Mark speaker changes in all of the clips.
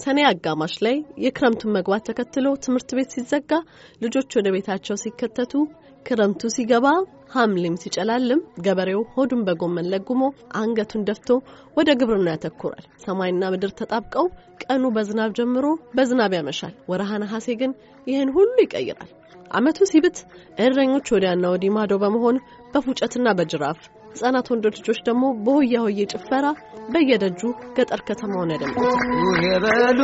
Speaker 1: ሰኔ አጋማሽ ላይ የክረምቱን መግባት ተከትሎ ትምህርት ቤት ሲዘጋ ልጆች ወደ ቤታቸው ሲከተቱ ክረምቱ ሲገባ ሐምሌም ሲጨላልም ገበሬው ሆዱን በጎመን ለጉሞ አንገቱን ደፍቶ ወደ ግብርና ያተኩራል። ሰማይና ምድር ተጣብቀው ቀኑ በዝናብ ጀምሮ በዝናብ ያመሻል። ወረሃ ነሐሴ ግን ይህን ሁሉ ይቀይራል። ዓመቱ ሲብት እረኞች ወዲያና ወዲህ ማዶ በመሆን በፉጨትና በጅራፍ ህጻናት ወንዶች ልጆች ደግሞ በሆያ ሆዬ ጭፈራ በየደጁ ገጠር ከተማውን ያደምቁታል። የበሉ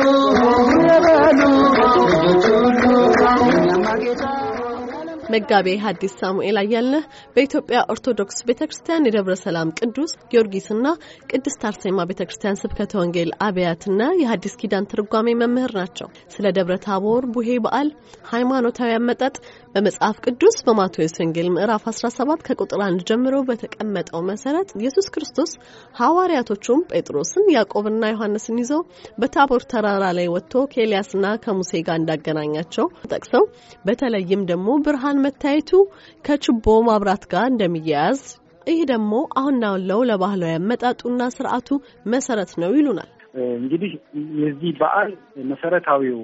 Speaker 1: የበሉ ልጆች ሁሉ መጋቤ ሐዲስ ሳሙኤል አያልነህ በኢትዮጵያ ኦርቶዶክስ ቤተ ክርስቲያን የደብረ ሰላም ቅዱስ ጊዮርጊስና ቅድስት አርሴማ ቤተ ክርስቲያን ስብከተ ወንጌል አብያትና የሐዲስ ኪዳን ትርጓሜ መምህር ናቸው። ስለ ደብረ ታቦር ቡሄ በዓል ሃይማኖታዊ አመጣጥ በመጽሐፍ ቅዱስ በማቴዎስ ወንጌል ምዕራፍ 17 ከቁጥር 1 ጀምሮ በተቀመጠው መሰረት ኢየሱስ ክርስቶስ ሐዋርያቶቹም ጴጥሮስን፣ ያዕቆብና ዮሐንስን ይዘው በታቦር ተራራ ላይ ወጥቶ ከኤልያስና ከሙሴ ጋር እንዳገናኛቸው ጠቅሰው በተለይም ደግሞ ብርሃን ብርሃን መታየቱ ከችቦ ማብራት ጋር እንደሚያያዝ፣ ይህ ደግሞ አሁን ናለው ለባህላዊ አመጣጡና ስርዓቱ መሰረት ነው ይሉናል። እንግዲህ የዚህ በዓል መሰረታዊው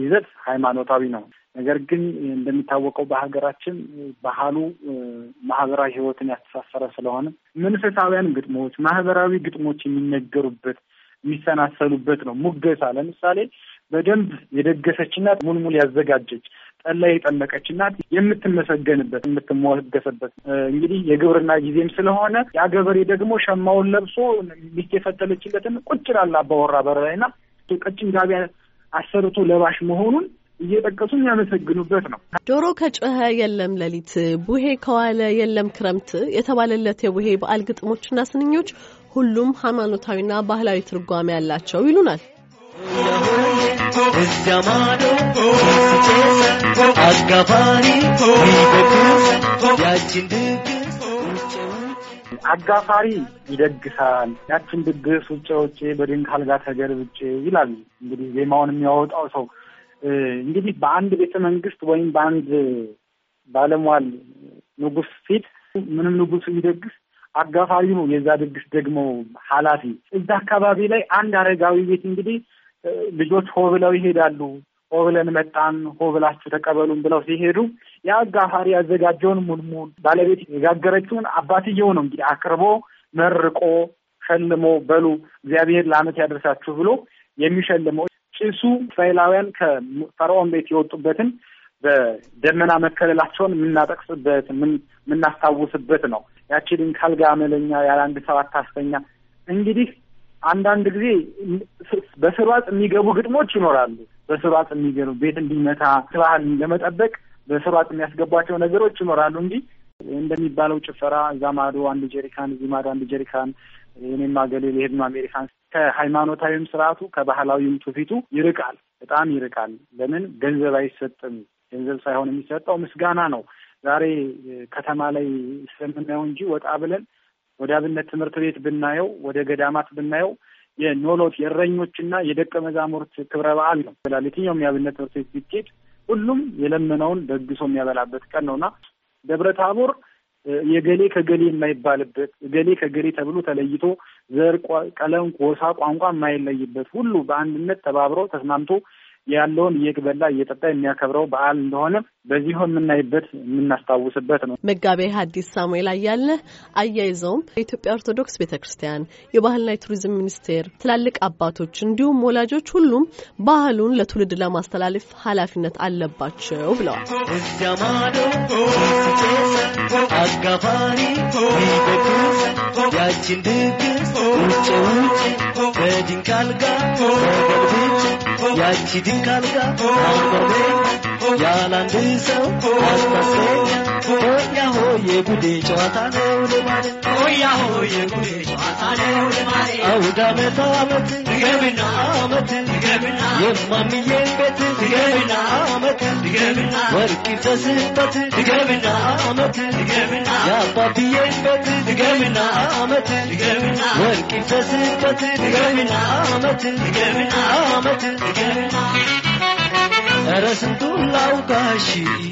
Speaker 1: ይዘት ሃይማኖታዊ ነው። ነገር ግን እንደሚታወቀው
Speaker 2: በሀገራችን ባህሉ ማህበራዊ ህይወትን ያስተሳሰረ ስለሆነ መንፈሳውያን ግጥሞች፣ ማህበራዊ ግጥሞች የሚነገሩበት የሚሰናሰሉበት ነው። ሙገሳ ለምሳሌ በደንብ የደገሰች እናት ሙልሙል ያዘጋጀች ጠላ የጠመቀች እናት የምትመሰገንበት የምትሞገሰበት እንግዲህ የግብርና ጊዜም ስለሆነ የአገበሬ ገበሬ ደግሞ ሸማውን ለብሶ ሚስት የፈተለችለትን ቁጭ ላለ አባወራ በር ና ቀጭን ጋቢ አሰርቶ ለባሽ መሆኑን እየጠቀሱ የሚያመሰግኑበት ነው።
Speaker 1: ዶሮ ከጮኸ የለም ሌሊት፣ ቡሄ ከዋለ የለም ክረምት የተባለለት የቡሄ በዓል ግጥሞችና ስንኞች ሁሉም ሃይማኖታዊና ባህላዊ ትርጓሜ ያላቸው ይሉናል። እዚያ ማዶ አጋፋሪ
Speaker 2: ያችን ድግስ አጋፋሪ ይደግሳል ያችን ድግስ ውጭ ውጭ በድንክ አልጋ ተገልብጬ ይላል። እንግዲህ ዜማውን የሚያወጣው ሰው እንግዲህ በአንድ ቤተ መንግስት ወይም በአንድ ባለሟል ንጉስ ፊት ምንም ንጉሱ ይደግስ አጋፋሪ ነው የዛ ድግስ ደግሞ ኃላፊ። እዛ አካባቢ ላይ አንድ አረጋዊ ቤት እንግዲህ ልጆች ሆ ብለው ይሄዳሉ። ሆ ብለን መጣን፣ ሆ ብላችሁ ተቀበሉን ብለው ሲሄዱ የአጋፋሪ ያዘጋጀውን ሙልሙል ባለቤት የጋገረችውን አባትየው ነው እንግዲህ አቅርቦ መርቆ ሸልሞ በሉ እግዚአብሔር ለዓመት ያደርሳችሁ ብሎ የሚሸልመው ጭሱ እስራኤላውያን ከፈርዖን ቤት የወጡበትን በደመና መከለላቸውን የምናጠቅስበት የምናስታውስበት ነው። ያቺ ካልጋ ጋመለኛ ያለ አንድ ሰባት አስተኛ እንግዲህ አንዳንድ ጊዜ በስርዓት የሚገቡ ግጥሞች ይኖራሉ። በስርዓት የሚገቡ ቤት እንዲመታ ባህል ለመጠበቅ በስርዓት የሚያስገቧቸው ነገሮች ይኖራሉ እንጂ እንደሚባለው ጭፈራ እዛ ማዶ አንድ ጀሪካን፣ እዚህ ማዶ አንድ ጀሪካን፣ እኔም አገሌ ልሄድ ነው አሜሪካን ከሃይማኖታዊም ስርዓቱ ከባህላዊም ትውፊቱ ይርቃል፣ በጣም ይርቃል። ለምን ገንዘብ አይሰጥም። ገንዘብ ሳይሆን የሚሰጠው ምስጋና ነው። ዛሬ ከተማ ላይ ስለምናየው እንጂ ወጣ ብለን ወደ አብነት ትምህርት ቤት ብናየው፣ ወደ ገዳማት ብናየው የኖሎት የእረኞችና የደቀ መዛሙርት ክብረ በዓል ነው ይላል። የትኛውም የአብነት ትምህርት ቤት ቢኬድ ሁሉም የለመነውን ደግሶ የሚያበላበት ቀን ነውና ደብረ ታቦር የገሌ ከገሌ የማይባልበት ገሌ ከገሌ ተብሎ ተለይቶ ዘር፣ ቀለም፣ ጎሳ፣ ቋንቋ የማይለይበት ሁሉ በአንድነት ተባብሮ ተስማምቶ ያለውን እየበላ እየጠጣ የሚያከብረው በዓል እንደሆነ በዚሁ የምናይበት
Speaker 1: የምናስታውስበት ነው። መጋቤ ሐዲስ ሳሙኤል አያለ አያይዘውም የኢትዮጵያ ኦርቶዶክስ ቤተ ክርስቲያን፣ የባህልና የቱሪዝም ሚኒስቴር፣ ትላልቅ አባቶች እንዲሁም ወላጆች ሁሉም ባህሉን ለትውልድ ለማስተላለፍ ኃላፊነት አለባቸው ብለዋል። አጋፋሪ
Speaker 2: ያችን ድግስ ውጭ ውጭ በድንካል ጋር ያቺ የጉዴ ጨዋታ ነው ለማለት ሆያ ሆ የጉዴ ጨዋታ ነው ለማለት አውዳ መታው አመት ድገምና አመት ድገምና የማሚዬን ቤት ድገምና አመት ድገምና ተስበት ድገምና አመት ድገምና ቤት ድገምና አመት
Speaker 1: ድገምና ተስበት ድገምና አመት ድገምና አመት ድገምና ኧረ